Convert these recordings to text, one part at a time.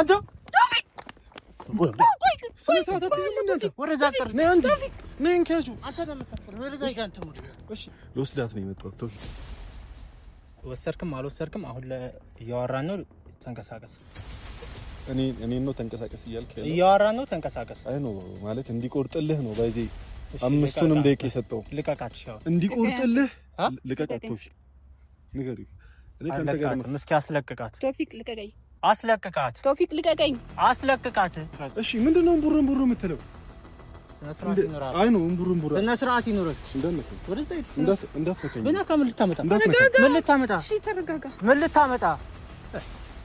አንተ ልወስዳት ነው የመጣሁት። ወሰርክም አልወሰርክም አሁን እያወራን ነው። ተንቀሳቀስ። እኔን ነው ተንቀሳቀስ እያልክ እያወራን ነው። ተንቀሳቀስ። አይ ማለት እንዲቆርጥልህ ነው። አምስቱንም ደቂቃ የሰጠው ልቀቃት። እንዲቆርጥልህ ልቀቃት። ንገሪው። እስኪ አስለቅቃት ልቀቀኝ አስለቅቃት። ቶፊቅ ልቀቀኝ፣ አስለቅቃት። እሺ ምንድን ነው እምቡር እምቡር የምትለው? ስነ ስርዓት ይኑርህ። ምን ልታመጣ? እሺ ተረጋጋ። ምን ልታመጣ?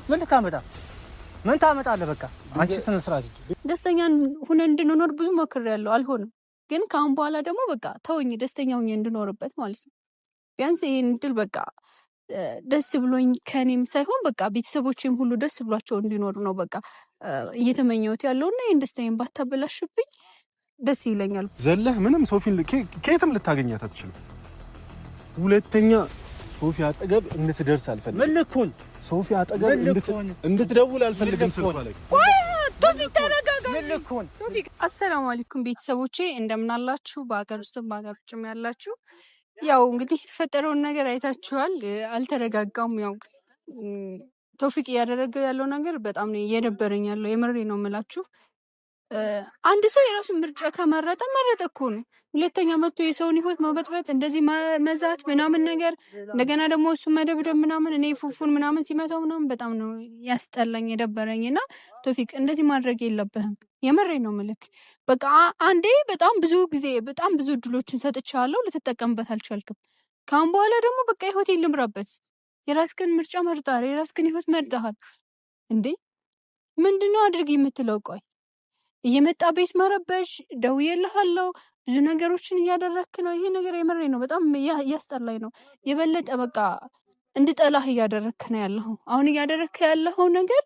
ምን ልታመጣ? ምን በቃ አንቺ ስነ ስርዓት። ደስተኛ ሁነን እንድንኖር ብዙ ሞክሬያለሁ፣ አልሆንም። ግን ከአሁን በኋላ ደግሞ በቃ ተወኝ፣ ደስተኛ ሁኜ እንድኖርበት ማለት ነው። ቢያንስ ይሄን ድል በቃ ደስ ብሎኝ ከኔም ሳይሆን በቃ ቤተሰቦችም ሁሉ ደስ ብሏቸው እንዲኖሩ ነው በቃ እየተመኘሁት ያለውና ይህን ደስታዬን ባታበላሽብኝ ደስ ይለኛል። ዘለህ ምንም ሶፊን ከየትም ልታገኛት አትችልም። ሁለተኛ ሶፊ አጠገብ እንድትደርስ አልፈልግም። ምልኩን ሶፊ አጠገብ እንድትደውል አልፈልግም። ስልኳ ላይ አሰላሙ አለይኩም ቤተሰቦቼ እንደምናላችሁ፣ በሀገር ውስጥም በሀገር ውጭም ያላችሁ ያው እንግዲህ የተፈጠረውን ነገር አይታችኋል። አልተረጋጋም። ያው ቶፊቅ እያደረገ ያለው ነገር በጣም ነው እየደበረኝ ያለው። የምሬ ነው የምላችሁ። አንድ ሰው የራሱን ምርጫ ከመረጠ መረጠ እኮ ነው። ሁለተኛ መቶ የሰውን ህይወት መበጥበጥ እንደዚህ መዛት ምናምን ነገር እንደገና ደግሞ እሱ መደብደብ ምናምን እኔ ፉፉን ምናምን ሲመታው ምናምን በጣም ነው ያስጠላኝ የደበረኝ። እና ቶፊቅ እንደዚህ ማድረግ የለብህም። የመሬ ነው ምልክ በቃ አንዴ በጣም ብዙ ጊዜ በጣም ብዙ እድሎችን ሰጥቻለሁ፣ ልትጠቀምበት አልቻልክም። ከአሁን በኋላ ደግሞ በቃ ሕይወት ልምራበት። የራስክን ምርጫ መርጣል፣ የራስክን ህይወት መርጠሃል እንዴ ምንድነው አድርግ የምትለው? ቆይ እየመጣ ቤት መረበሽ፣ ደውዬልሃለሁ፣ ብዙ ነገሮችን እያደረክ ነው። ይሄ ነገር የምሬ ነው፣ በጣም እያስጠላኝ ነው። የበለጠ በቃ እንድጠላህ እያደረክ ነው ያለው። አሁን እያደረክ ያለው ነገር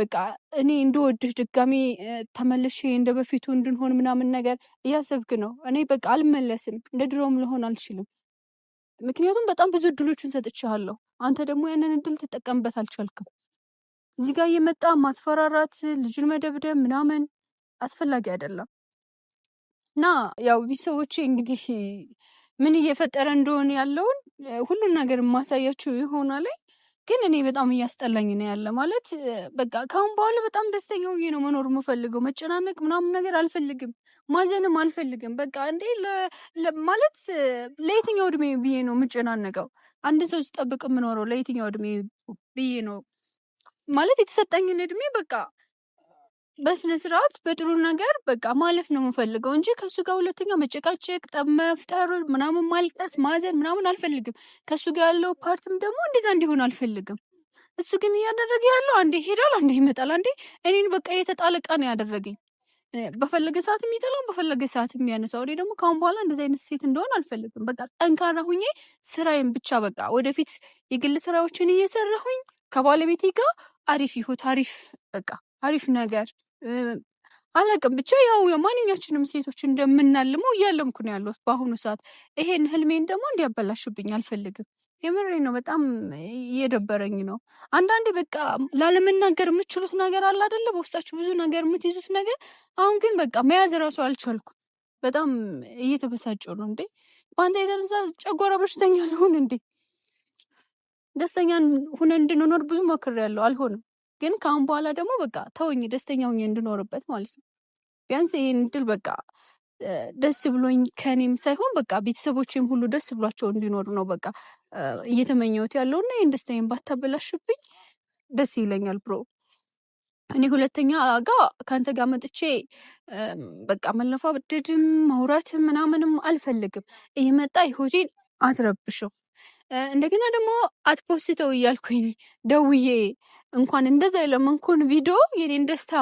በቃ እኔ እንድወድህ ድጋሜ ተመልሼ እንደ በፊቱ እንድንሆን ምናምን ነገር እያሰብክ ነው። እኔ በቃ አልመለስም፣ እንደ ድሮም ልሆን አልችልም። ምክንያቱም በጣም ብዙ እድሎችን ሰጥቼሃለሁ። አንተ ደግሞ ያንን እድል ትጠቀምበት አልቻልክም። እዚህ ጋር እየመጣ ማስፈራራት፣ ልጁን መደብደብ ምናምን አስፈላጊ አይደለም። እና ያው ቤተሰቦቼ እንግዲህ ምን እየፈጠረ እንደሆነ ያለውን ሁሉን ነገር የማሳያችሁ ይሆናል። ግን እኔ በጣም እያስጠላኝ ነው ያለ ማለት በቃ ከአሁን በኋላ በጣም ደስተኛ ሆኜ ነው መኖር የምፈልገው። መጨናነቅ ምናምን ነገር አልፈልግም፣ ማዘንም አልፈልግም። በቃ እንዴ ማለት ለየትኛው እድሜ ብዬ ነው የምጨናነቀው? አንድ ሰው ሲጠብቅ የምኖረው ለየትኛው እድሜ ብዬ ነው ማለት የተሰጠኝን እድሜ በቃ በስነ ስርዓት በጥሩ ነገር በቃ ማለፍ ነው የምፈልገው እንጂ ከእሱ ጋር ሁለተኛ መጨቃጨቅ፣ ጠብ መፍጠር፣ ምናምን ማልቀስ፣ ማዘን ምናምን አልፈልግም። ከእሱ ጋር ያለው ፓርትም ደግሞ እንደዛ እንዲሆን አልፈልግም። እሱ ግን እያደረገ ያለው አንዴ ይሄዳል፣ አንዴ ይመጣል፣ አንዴ እኔን በቃ የተጣለቃ ነው ያደረገኝ። በፈለገ ሰዓት የሚጠላም በፈለገ ሰዓት የሚያነሳው። እኔ ደግሞ ከአሁን በኋላ እንደዚ አይነት ሴት እንደሆን አልፈልግም። በቃ ጠንካራ ሁኜ ስራዬን ብቻ በቃ ወደፊት የግል ስራዎችን እየሰራሁኝ ከባለቤቴ ጋር አሪፍ ይሁት አሪፍ በቃ አሪፍ ነገር አላቅም ብቻ ያው የማንኛችንም ሴቶች እንደምናልመው እያለምኩ ነው ያለሁት በአሁኑ ሰዓት። ይሄን ህልሜን ደግሞ እንዲያበላሽብኝ አልፈልግም። የምሬ ነው። በጣም እየደበረኝ ነው። አንዳንዴ በቃ ላለመናገር የምችሉት ነገር አለ አደለ? በውስጣችሁ ብዙ ነገር የምትይዙት ነገር። አሁን ግን በቃ መያዝ ራሱ አልቻልኩም። በጣም እየተበሳጨሁ ነው። እንዴ በአንተ የተነሳ ጨጓራ በሽተኛ ልሆን እንዴ? ደስተኛ ሁነ እንድንኖር ብዙ ሞክሬያለሁ፣ አልሆንም ግን ከአሁን በኋላ ደግሞ በቃ ተወኝ፣ ደስተኛ ሆኜ እንድኖርበት ማለት ነው። ቢያንስ ይህን እድል በቃ ደስ ብሎኝ ከኔም ሳይሆን በቃ ቤተሰቦችም ሁሉ ደስ ብሏቸው እንዲኖሩ ነው በቃ እየተመኘሁት እና ይህን ደስታዬን ባታበላሽብኝ ደስ ይለኛል ብሮ እኔ ሁለተኛ ጋ ከአንተ ጋር መጥቼ በቃ ብድድም ማውራት ምናምንም አልፈልግም። እየመጣ ይሁዲን አትረብሽው። እንደገና ደግሞ አትፖስተው እያልኩኝ ደውዬ እንኳን እንደዛ የለመንኩን ቪዲዮ የኔን ደስታ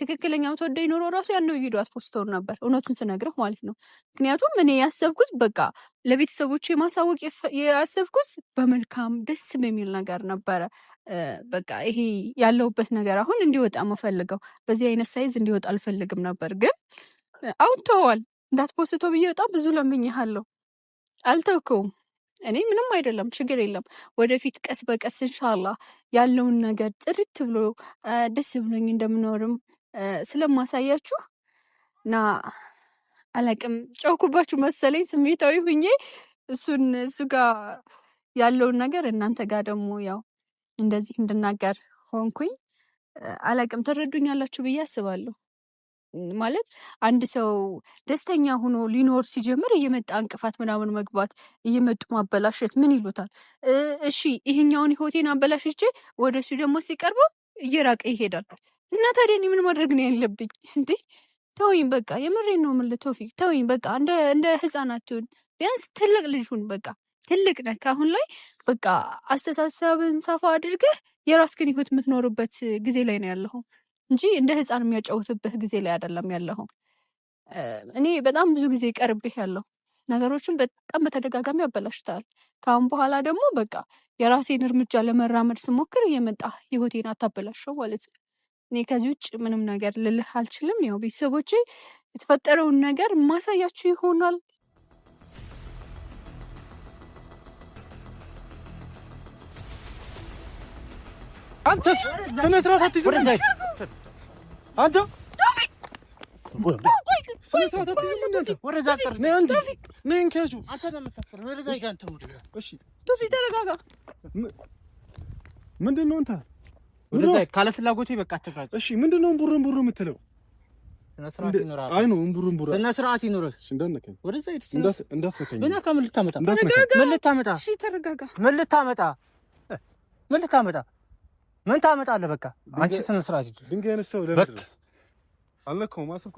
ትክክለኛ ተወደ ኖሮ ራሱ ያንን ቪዲዮ አትፖስተውን ነበር። እውነቱን ስነግርህ ማለት ነው። ምክንያቱም እኔ ያሰብኩት በቃ ለቤተሰቦች የማሳወቅ ያሰብኩት በመልካም ደስ በሚል ነገር ነበረ። በቃ ይሄ ያለሁበት ነገር አሁን እንዲወጣ መፈልገው በዚህ አይነት ሳይዝ እንዲወጣ አልፈልግም ነበር፣ ግን አውጥተዋል። እንዳትፖስተው ብዬ በጣም ብዙ ለምኜሃለሁ፣ አልተውከውም እኔ ምንም አይደለም፣ ችግር የለም። ወደፊት ቀስ በቀስ እንሻላ ያለውን ነገር ጥርት ብሎ ደስ ብሎኝ እንደምኖርም ስለማሳያችሁ እና አላቅም ጨውኩባችሁ መሰለኝ ስሜታዊ ሁኜ እሱን እሱ ጋር ያለውን ነገር እናንተ ጋር ደግሞ ያው እንደዚህ እንድናገር ሆንኩኝ። አላቅም ተረዱኛላችሁ ብዬ አስባለሁ። ማለት አንድ ሰው ደስተኛ ሆኖ ሊኖር ሲጀምር እየመጣ እንቅፋት ምናምን መግባት እየመጡ ማበላሸት ምን ይሉታል? እሺ ይሄኛውን ህይወቴን አበላሽቼ ወደ እሱ ደግሞ ሲቀርበው እየራቀ ይሄዳል። እና ታዲያ እኔ ምን ማድረግ ነው ያለብኝ? እንዴ ተወኝ በቃ የምሬን ነው የምልህ ቶፊቅ ተወኝ በቃ እንደ እንደ ህፃናት ቢያንስ ትልቅ ልጅ ሁን በቃ ትልቅ ነህ አሁን ላይ በቃ አስተሳሰብን ሰፋ አድርገህ የራስህን ህይወት የምትኖርበት ጊዜ ላይ ነው ያለኸው እንጂ እንደ ህፃን የሚያጫውትብህ ጊዜ ላይ አይደለም ያለሁ እኔ በጣም ብዙ ጊዜ ይቀርብህ ያለው ነገሮችን በጣም በተደጋጋሚ ያበላሽታል። ከአሁን በኋላ ደግሞ በቃ የራሴን እርምጃ ለመራመድ ስሞክር እየመጣ ህይወቴን አታበላሸው ማለት ነው። እኔ ከዚህ ውጭ ምንም ነገር ልልህ አልችልም። ያው ቤተሰቦቼ የተፈጠረውን ነገር ማሳያችሁ ይሆናል። አንተስ ስነ ስርዓት አትይዝም አንተ ምንድን ነው እንታ ካለ ፍላጎቴ በቃ አትፍራጭ። እሺ ምንድን ነው እምቡር እምቡር የምትለው? አይ ነው እምቡር እምቡር ስነ ስርዓት ይኖርህ። ምን ታመጣለህ? በቃ አንቺ ስነ ስርዓት ይዱ ድንጋይ ነሰው ለምን አለከው ማስኩ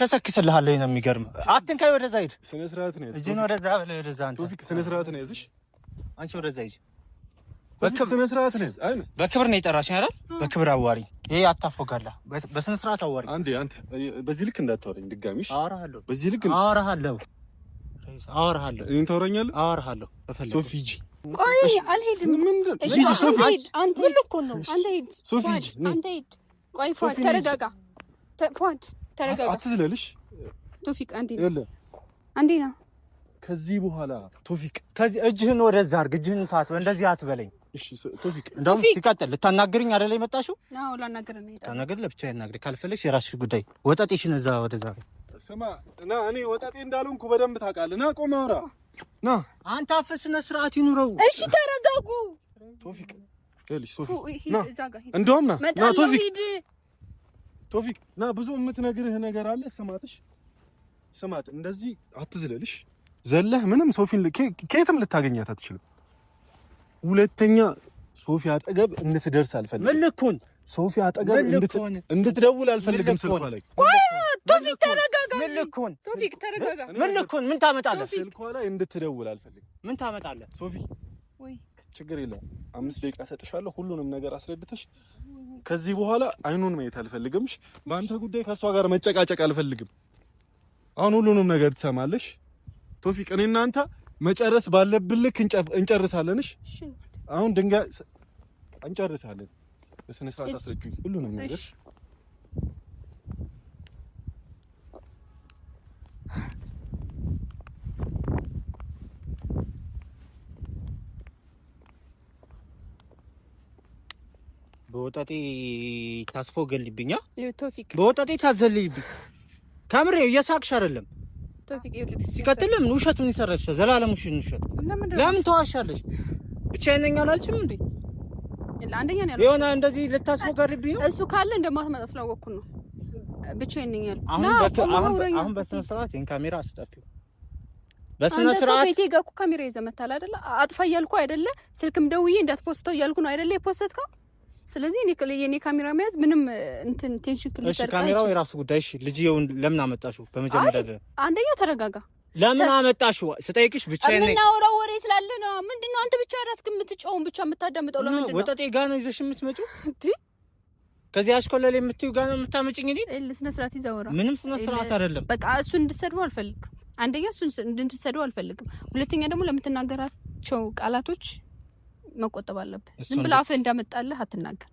ከሰክስልሃለሁ ነው የሚገርም። አትንካይ፣ ወደዛ ሂድ። ስነ ስርዓት ነው። እጅን ወደዛ ብለህ ወደዛ አንተ ቶፊክ፣ ስነ ስርዓት ነው። እዚህ አንቺ ወደዛ ሂድ። በስነ ስርዓት ነው። በክብር ነው የጠራሽኝ አይደል? በክብር አዋሪ። ይሄ አታፎጋላ። በስነ ስርዓት አዋሪ። አንዴ አንተ በዚህ ልክ እንዳታወራኝ ድጋሚሽ። እሺ፣ አወራሃለሁ። በዚህ ልክ አወራሃለሁ። አወራሃለሁ። እኔን ታወራኛለህ? አወራሃለሁ። ሶፊ ሂጂ ቆይ አልሄድም። ቆይ ፏድ ተረጋጋ፣ ፏድ ተረጋጋ፣ አትዝለልሽ። አንዴ ከዚህ በኋላ ቶፊቅ ከዚህ እጅህን ወደዛ አርግ፣ እጅህን ታት፣ እንደዚህ አትበለኝ። እሺ ቶፊቅ፣ እንደውም ሲቀጥል ልታናግርኝ አይደለ የመጣሽው? አዎ ለብቻ ያናግር፣ ካልፈለግሽ የራስሽ ጉዳይ። እዛ ወደዛ ስማ እና እኔ ወጣጤ እንዳልሆንኩ በደንብ ታውቃለህ። ና ቆም አውራ። ና አንተ አፈ ስርዓት ይኑረው። እሺ ተረጋጉ። ቶፊቅ ይኸውልሽ፣ ቶፊቅ ና፣ እንደውም ና ና፣ ቶፊቅ ቶፊቅ ና። ብዙ የምትነግርህ ነገር አለ። ስማትሽ ስማት፣ እንደዚህ አትዝለልሽ። ዘለህ ምንም ሶፊን ከየትም ልታገኛት አትችልም። ሁለተኛ ሶፊ አጠገብ እንድትደርስ አልፈልግም። ሶፊ አጠገብ እንድትደውል አልፈልግም ስልኳ ላይ ቶፊክ ተረጋጋ። ምን ልኩን ቶፊክ ተረጋጋ። ምን ልኩን ምን ታመጣለህ? ስልኳ ላይ እንድትደውል አልፈልግም። ምን ታመጣለህ? ሶፊ ወይ ችግር የለውም። አምስት ደቂቃ ሰጥሻለሁ። ሁሉንም ነገር አስረድተሽ ከዚህ በኋላ አይኑን ማየት አልፈልግምሽ። በአንተ ጉዳይ ከእሷ ጋር መጨቃጨቅ አልፈልግም። አሁን ሁሉንም ነገር ትሰማለሽ ቶፊቅ። እኔ እናንተ መጨረስ ባለብን ልክ እንጨርሳለንሽ። አሁን ድንጋይ እንጨርሳለን። በስነ ስርዓት አስረጁኝ ሁሉንም ነገር በወጠጤ ታስፎ ገልብኛ ቶፊክ በወጠጤ ታዘልልብኝ። ከምሬ እየሳቅሽ አይደለም። ሲቀጥል ለምን ምን ይሰራልሽ? ዘላለም ውሸት ለምን ተዋሻለሽ? ብቻዬን ነኝ አላልሽም እንዴ? አንደኛ ነው የሆነ እንደዚህ ልታስፎገርብኝ ነው። እሱ ካለ እንደማትመጣ ስላወቅኩ ነው። ብቻዬን ነኝ ያልኩት አሁን በስነ ስርዓት ይሄን ካሜራ አስጠፊው በስነ ስርዓት ቤቴ ገኩ ካሜራ ይዘመታል አይደለ? አጥፋ እያልኩ አይደለ? ስልክም ደውዬ እንዳትፖስተው እያልኩ ነው አይደለ የፖስተትከው ስለዚህ እኔ የኔ ካሜራ መያዝ ምንም እንትን ቴንሽን ክል ይሰርቃ። ካሜራው የራሱ ጉዳይ። እሺ ልጅ ይሁን። ለምን አመጣሽው? በመጀመሪያ ደረጃ አንደኛ ተረጋጋ። ለምን አመጣሽው ስጠይቅሽ ብቻ ነኝ። የምናወራው ወሬ ስላለ ነው። ምንድነው አንተ ብቻ ራስህ የምትጫወን ብቻ የምታዳምጠው ለምንድን ነው? ወጠጤ ጋ ነው ይዘሽ የምትመጪው እንዴ? ከዚህ አሽኮለሌ የምትይው ጋ ነው የምታመጪኝ እል ስነ ስርዓት ይዘውራ። ምንም ስነ ስርዓት አይደለም። በቃ እሱ እንድትሰድቡ አልፈልግም። አንደኛ እሱ እንድትሰድቡ አልፈልግም። ሁለተኛ ደግሞ ለምትናገራቸው ቃላቶች መቆጠብ አለብህ። ዝም ብለህ አፍህ እንዳመጣልህ አትናገር።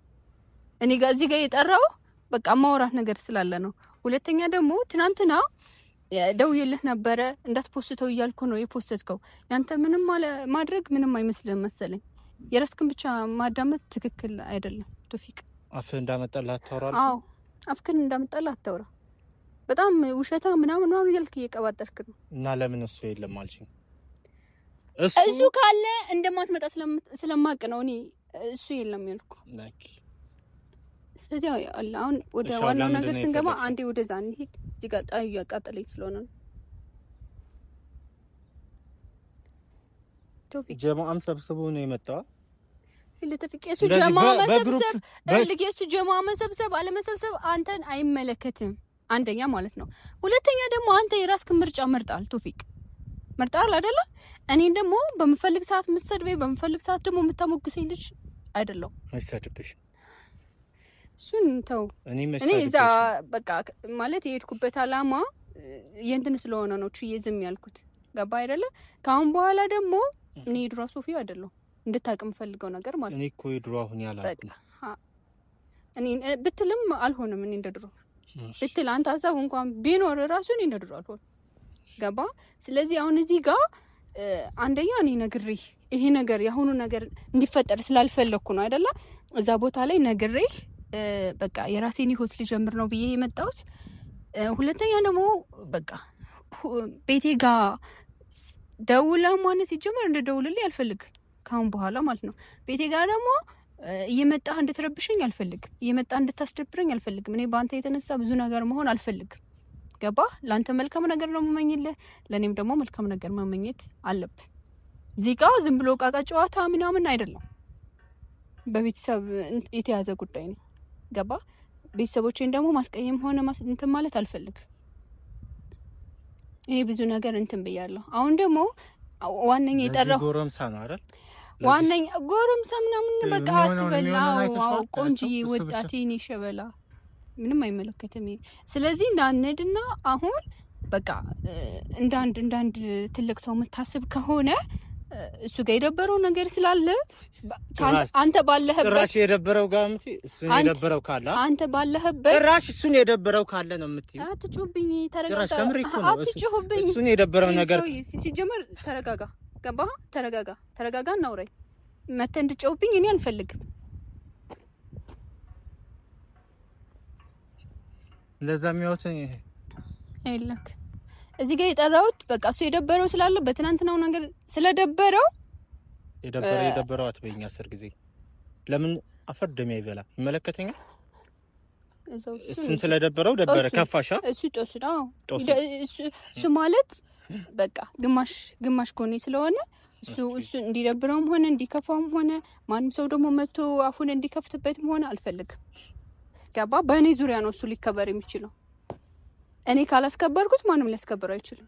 እኔ ጋር እዚህ ጋር የጠራው በቃ ማውራት ነገር ስላለ ነው። ሁለተኛ ደግሞ ትናንትና ደውዬልህ ነበረ እንዳትፖስተው እያልኩ ነው የፖስተትከው። ያንተ ምንም ማድረግ ምንም አይመስልህም መሰለኝ። የራስክን ብቻ ማዳመጥ ትክክል አይደለም ቶፊቅ። አፍህ እንዳመጣልህ አታውራ። አዎ አፍክን እንዳመጣልህ አታውራ። በጣም ውሸታ ምናምን ምናምን እያልክ እየቀባጠርክ ነው። እና ለምን እሱ የለም አልሽኝ? እሱ ካለ እንደማትመጣ ስለማቅ ነው እኔ እሱ የለም ያልኩ። ስለዚህ አሁን ወደ ዋናው ነገር ስንገባ አንዴ ወደዛ እንሂድ። እዚህ ጋር ጣዩ ያቃጠለኝ ስለሆነ ነው። ጀማአም ሰብስቡ ነው የመጣው ለተፊቅ የሱ ጀማ መሰብሰብ እልግ የሱ ጀማ መሰብሰብ አለመሰብሰብ አንተን አይመለከትም። አንደኛ ማለት ነው። ሁለተኛ ደግሞ አንተ የራስክን ምርጫ መርጣል ቶፊቅ መርጠሃል አይደለ? እኔን ደግሞ በምፈልግ ሰዓት የምትሰድበኝ በምፈልግ ሰዓት ደግሞ የምታሞግሰኝ ልጅ አይደለሁ። አይሳድብሽ እሱን ተው። እኔ እዛ በቃ ማለት የሄድኩበት አላማ የእንትን ስለሆነ ነው ችዬ ዝም ያልኩት። ገባ አይደለ? ከአሁን በኋላ ደግሞ እኔ የድሮ ሶፊ አይደለሁ። እንድታቅ የምፈልገው ነገር ማለት እኔ እኮ የድሮ አሁን ያላልኩ ብትልም አልሆንም። እኔ እንደ ድሮ ብትል አንተ ሀሳብ እንኳን ቢኖር ራሱ እኔ እንደ ድሮ አልሆንም። ገባ። ስለዚህ አሁን እዚህ ጋር አንደኛ እኔ ነግሬ ይሄ ነገር የአሁኑ ነገር እንዲፈጠር ስላልፈለግኩ ነው አይደለ? እዛ ቦታ ላይ ነግሬ በቃ የራሴን ህይወት ልጀምር ነው ብዬ የመጣሁት። ሁለተኛ ደግሞ በቃ ቤቴ ጋ ደውላ ማነ ሲጀመር እንደ ደውልልኝ አልፈልግም ካሁን በኋላ ማለት ነው። ቤቴ ጋ ደግሞ እየመጣህ እንድትረብሸኝ አልፈልግም። እየመጣህ እንድታስደብረኝ አልፈልግም። እኔ በአንተ የተነሳ ብዙ ነገር መሆን አልፈልግም። ገባ። ለአንተ መልካም ነገር ነው የምመኝልህ፣ ለእኔም ደግሞ መልካም ነገር መመኘት አለብህ። እዚህ ጋ ዝም ብሎ ቃቃ ጨዋታ ምናምን አይደለም፣ በቤተሰብ የተያዘ ጉዳይ ነው። ገባ። ቤተሰቦቼን ደግሞ ማስቀየም ሆነ እንትን ማለት አልፈልግ። እኔ ብዙ ነገር እንትን ብያለሁ። አሁን ደግሞ ዋነኛ የጠራው ጎረምሳ ነው አይደል? ዋነኛ ጎረምሳ ምናምን በቃ አትበላ። ቆንጅዬ ወጣቴ እኔ ሸበላ ምንም አይመለከትም። ስለዚህ እንዳንድና አሁን በቃ እንደ አንድ እንደ አንድ ትልቅ ሰው የምታስብ ከሆነ እሱ ጋር የደበረው ነገር ስላለ አንተ ባለህበት ጭራሽ የደበረው ጋር የምትይ እሱን የደበረው ካለ አንተ ባለህበት ጭራሽ እሱን የደበረው ካለ ነው የምትይ። አትጩብኝ፣ ተረጋጋ። አትጩብኝ። እሱን የደበረው ነገር ሲጀመር ተረጋጋ። ገባህ? ተረጋጋ፣ ተረጋጋ። እናውራኝ። መተህ እንድትጨውብኝ እኔ አልፈልግም። እንደዛ የሚያወት አይላክ እዚህ ጋር የጠራሁት በቃ እሱ የደበረው ስላለ በትናንትናው ነገር ስለደበረው የደበረ የደበረው አትበይኝ። አስር ጊዜ ለምን አፈር ደም ይበላ ይመለከተኛል። እሱን ስለደበረው ደበረ ከፋሻ እሱ ጦስ ነው እሱ ማለት በቃ ግማሽ ግማሽ ጎኔ ስለሆነ እሱ እሱ እንዲደብረውም ሆነ እንዲከፋውም ሆነ ማንም ሰው ደግሞ መጥቶ አፉን እንዲከፍትበትም ሆነ አልፈልግም። ሲገባ በእኔ ዙሪያ ነው እሱ ሊከበር የሚችለው። እኔ ካላስከበርኩት ማንም ሊያስከበር አይችልም።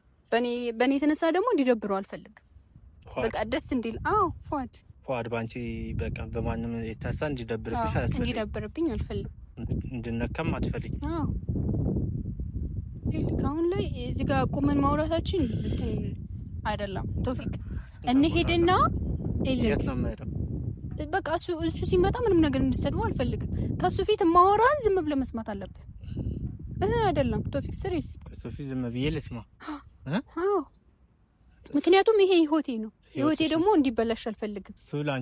በእኔ የተነሳ ደግሞ እንዲደብረው አልፈልግም። በቃ ደስ እንዲል። አዎ ፏድ ፏድ በአንቺ በቃ በማንም የተነሳ እንዲደብርብሽ እንዲደብርብኝ አልፈልግም። እንድነካም አትፈልግም። አሁን ላይ እዚህ ጋር ቁመን ማውራታችን አይደለም። ቶፊቅ እንሄድና የት ነው የምሄደው? በቃ እሱ እሱ ሲመጣ ምንም ነገር እንድትሰድቡ አልፈልግም። ከሱ ፊት ማወራን ዝም ብለህ መስማት አለብህ። እህ አይደለም ቶፊክ ስሪስ ከሱ ፊት ዝም ብዬ ልስማ? አዎ ምክንያቱም ይሄ ህይወቴ ነው። ህይወቴ ደግሞ እንዲበላሽ አልፈልግም።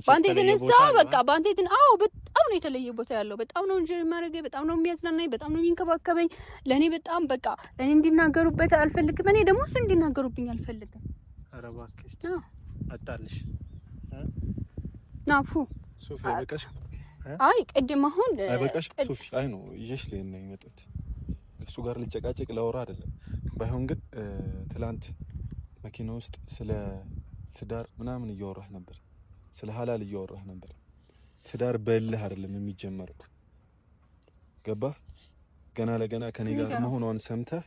በአንተ የተነሳ በቃ በአንተ የትን አዎ፣ በጣም ነው የተለየ ቦታ ያለው። በጣም ነው እንጂ ማድረገኝ፣ በጣም ነው የሚያዝናናኝ፣ በጣም ነው የሚንከባከበኝ። ለእኔ በጣም በቃ ለእኔ እንዲናገሩበት አልፈልግም። እኔ ደግሞ እሱ እንዲናገሩብኝ አልፈልግም። ኧረ እባክሽ አጣልሽ ናፉ ሶፊ አይበቃሽ? አይ ቅድም አሁን አይበቃሽ? ሶፊ አይ ነው ይዤሽ ልሄድ ነው የመጣሁት። እሱ ጋር ልጨቃጨቅ ላወራ አይደለም። ባይሆን ግን ትላንት መኪና ውስጥ ስለ ትዳር ምናምን እያወራህ ነበር፣ ስለ ሀላል እያወራህ ነበር። ትዳር በልህ አይደለም የሚጀመረው። ገባህ? ገና ለገና ከኔ ጋር መሆኗን ሰምተህ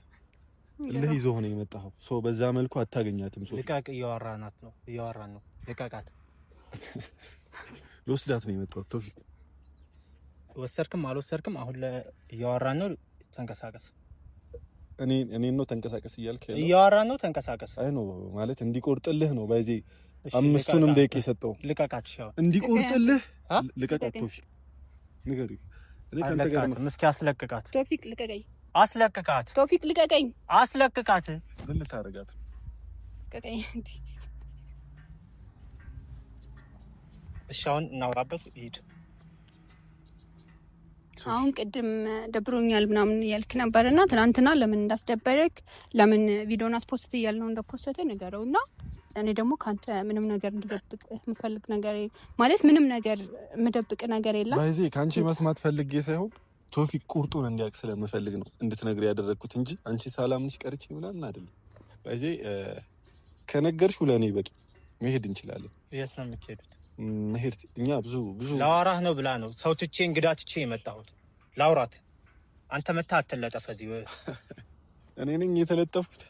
እልህ ይዞህ ነው የመጣኸው። በዛ መልኩ አታገኛትም። ሶፊ ልቀቅ፣ እያወራናት ነው፣ እያወራን ነው። ልቀቃት ልወስዳት ነው የመጣሁት። ቶፊቅ ወሰርክም አልወሰርክም አሁን እያወራን ነው። ተንቀሳቀስ። እኔ እኔ ነው ተንቀሳቀስ እያልክ እያወራን ነው። ተንቀሳቀስ። አይ ነው ማለት እንዲቆርጥልህ ነው ባይዜ አምስቱንም ደቂቃ የሰጠው ልቀቃት። ሻው እንዲቆርጥልህ ልቀቃት። ቶፊቅ ንገሪው። እኔ ካንተ ጋር ነው። እስኪ አስለቅቃት። ቶፊቅ ልቀቀኝ። አስለቅቃት። ቶፊቅ ልቀቀኝ። አስለቅቃት። ምን ልታረጋት? ልቀቀኝ እንዴ እሺ አሁን እናውራበት። ሂድ አሁን ቅድም ደብሮኛል ምናምን እያልክ ነበር እና ትናንትና ለምን እንዳስደበረክ ለምን ቪዲዮ ናት ፖስት ነው እንደፖስተ ንገረው እና እኔ ደግሞ ከአንተ ምንም ነገር እንድደብቅ የምፈልግ ነገር ማለት ምንም ነገር የምደብቅ ነገር የለም። በዚህ ከአንቺ መስማት ፈልጌ ሳይሆን ቶፊቅ ቁርጡን እንዲያውቅ ስለምፈልግ ነው እንድትነግር ያደረግኩት እንጂ አንቺ ሳላምንሽ ቀርቼ ምናምን አይደለም። ባይዜ ከነገርሽ ለእኔ በቂ መሄድ እንችላለን። የት ነው የምትሄዱት? መሄድ እኛ ብዙ ብዙ ላወራህ ነው ብላ ነው ሰው ትቼ እንግዳ ትቼ የመጣሁት ላውራት። አንተ መታ አትለጠፍ እዚህ። እኔ ነኝ የተለጠፍኩት።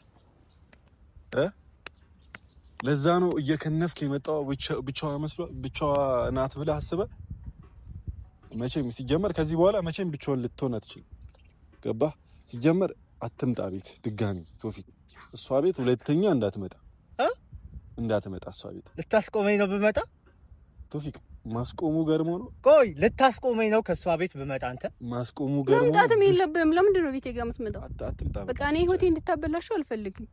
ለዛ ነው እየከነፍክ የመጣው። ብቻዋ መስሎ ብቻዋ ናት ብለህ አስበህ መቼም ሲጀመር ከዚህ በኋላ መቼም ብቻውን ልትሆን አትችልም። ገባህ? ሲጀመር አትምጣ ቤት ድጋሚ ቶፊቅ፣ እሷ ቤት ሁለተኛ እንዳትመጣ እንዳትመጣ እሷ ቤት ልታስቆመኝ ነው ብመጣ ቶፊክ ማስቆሙ ገርሞ ነው። ቆይ ልታስቆመኝ ነው? ከእሷ ቤት ብመጣ አንተ ማስቆሙ ገርሞ ነው። መምጣትም የለብህም። ለምንድን ነው ቤቴ ጋር የምትመጣው? በቃ እኔ ህይወቴ እንድታበላሸው አልፈልግም።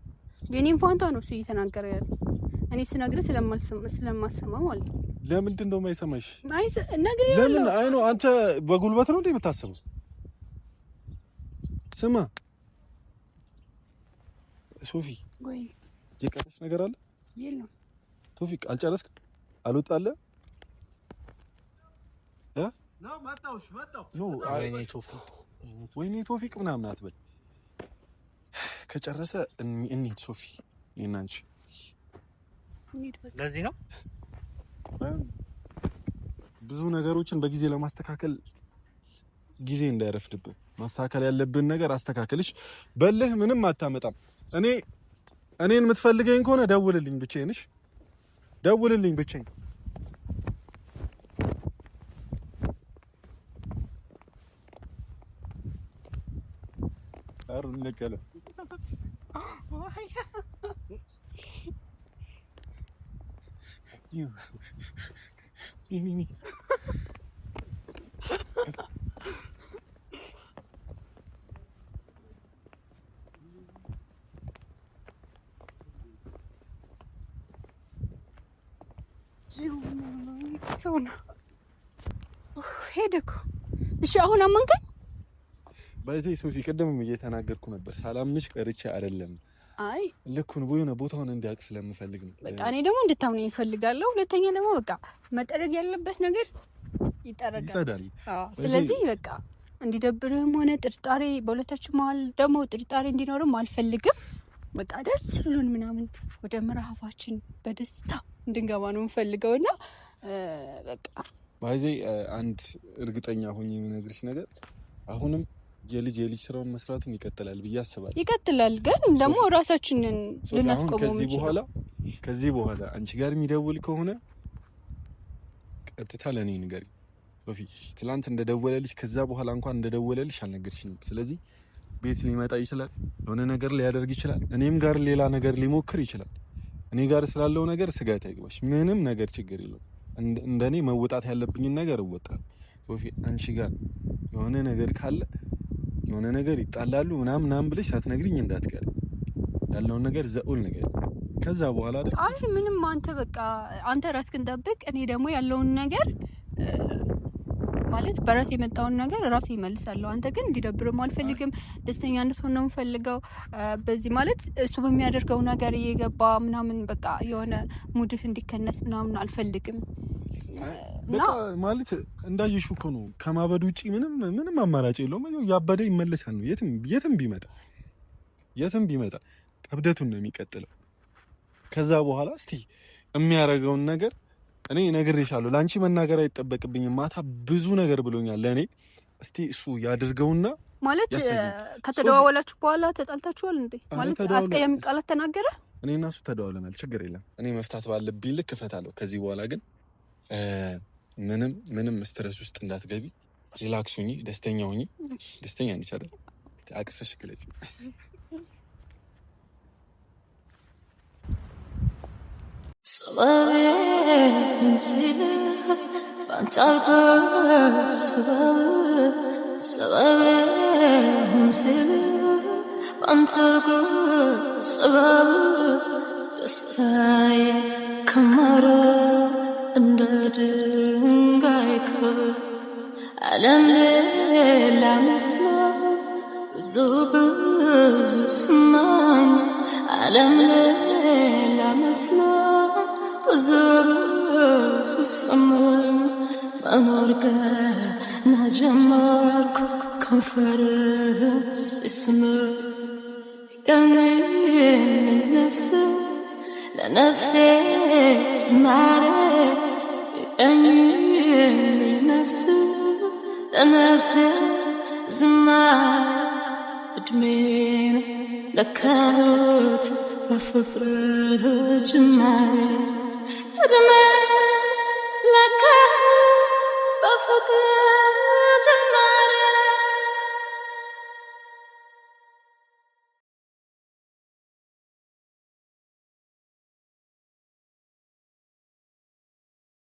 የኔም ፋንታ ነው እሱ እየተናገረ ያለ እኔ ስነግርህ ስለማሰማ ማለት ነው። ለምንድን ነው የማይሰማሽ? ለምን አይ ነው አንተ በጉልበት ነው እንዴ የምታስበው? ስማ ሶፊ፣ የቀረሽ ነገር አለ? የለም ቶፊክ፣ አልጨረስክም? አልወጣልህ ወይኔ ቶፊቅ ምናምን አትበል። ከጨረሰ እንሂድ ሶፊ፣ እኔና ለዚህ ነው ብዙ ነገሮችን በጊዜ ለማስተካከል ጊዜ እንዳይረፍድብን ማስተካከል ያለብን ነገር አስተካከልሽ። በልህ ምንም አታመጣም። እኔ እኔን የምትፈልገኝ ከሆነ ደውልልኝ፣ ብቻዬን ነሽ። ደውልልኝ ብቻዬን ደውልልኝ ብቻዬን خير من الكلام جيو ماما يكسونا اوه هيدكو اشي اهونا منقل በዚህ ሶፊ ቅድምም እየተናገርኩ ነበር። ሳላምንሽ ቀርቼ አይደለም። አይ ልኩን የሆነ ቦታውን እንዲያውቅ ስለምፈልግ ነው። በቃ እኔ ደግሞ እንድታምነኝ እፈልጋለሁ። ሁለተኛ ደግሞ በቃ መጠረግ ያለበት ነገር ይጠረጋል፣ ይጸዳል። ስለዚህ በቃ እንዲደብርህም ሆነ ጥርጣሬ በሁለታችን መሀል ደግሞ ጥርጣሬ እንዲኖርም አልፈልግም። በቃ ደስ ብሎን ምናምን ወደ ምዕራፋችን በደስታ እንድንገባ ነው የምፈልገው እና በቃ ባይዜ አንድ እርግጠኛ ሆኜ የምነግርሽ ነገር አሁንም የልጅ የልጅ ስራውን መስራቱም ይቀጥላል ብዬ አስባለሁ። ይቀጥላል ግን ደግሞ ራሳችንን ልናስቆመው ከዚህ በኋላ ከዚህ በኋላ አንቺ ጋር የሚደውል ከሆነ ቀጥታ ለእኔ ንገሪኝ። በፊት ትላንት እንደደወለልሽ ከዛ በኋላ እንኳን እንደደወለልሽ አልነገርሽኝም። ስለዚህ ቤት ሊመጣ ይችላል፣ የሆነ ነገር ሊያደርግ ይችላል፣ እኔም ጋር ሌላ ነገር ሊሞክር ይችላል። እኔ ጋር ስላለው ነገር ስጋት አይግባሽ። ምንም ነገር ችግር የለውም። እንደኔ መወጣት ያለብኝን ነገር እወጣለሁ። ሶፊ አንቺ ጋር የሆነ ነገር ካለ የሆነ ነገር ይጣላሉ ምናምን ምናምን ብለሽ ሳትነግሪኝ እንዳትቀር ያለውን ነገር ዘኡል ነገር ከዛ በኋላ አይ ምንም አንተ በቃ አንተ ራስህን ጠብቅ። እኔ ደግሞ ያለውን ነገር ማለት በራስ የመጣውን ነገር ራስ ይመልሳለሁ። አንተ ግን እንዲደብርም አልፈልግም። ደስተኛ እንድትሆን ነው የምፈልገው። በዚህ ማለት እሱ በሚያደርገው ነገር እየገባ ምናምን በቃ የሆነ ሙድህ እንዲከነስ ምናምን አልፈልግም። ማለት እንዳየሽ እኮ ነው። ከማበድ ውጭ ምንም ምንም አማራጭ የለውም። ያበደ ይመለሳል ነው። የትም የትም ቢመጣ የትም ቢመጣ እብደቱን ነው የሚቀጥለው። ከዛ በኋላ እስቲ የሚያደርገውን ነገር እኔ እነግርሻለሁ። ለአንቺ መናገር አይጠበቅብኝም። ማታ ብዙ ነገር ብሎኛል ለእኔ። እስቲ እሱ ያድርገውና ማለት ከተደዋወላችሁ በኋላ ተጣልታችኋል እንዴ? ማለት አስቀያሚ ቃላት ተናገረ። እኔ እና እሱ ተደዋውለናል። ችግር የለም። እኔ መፍታት ባለብኝ ልክ እፈታለሁ። ከዚህ በኋላ ግን ምንም ምንም ስትረስ ውስጥ እንዳትገቢ፣ ሪላክስ ሁኚ፣ ደስተኛ ሁኚ። ደስተኛ ነች አይደል? አቅፈሽ ግለጭ። ደስታዬ ከመረ ألم لم أسمع زوب زسمان ألم لم أسمع زوب زسمان بنورك نجمك كنفرس اسمك كمل من نفسك لنفسي اسمعك ለነፍሴ ዝማሬ እድሜን ለካሁት በፍቅርህ ጅማሬ እድሜ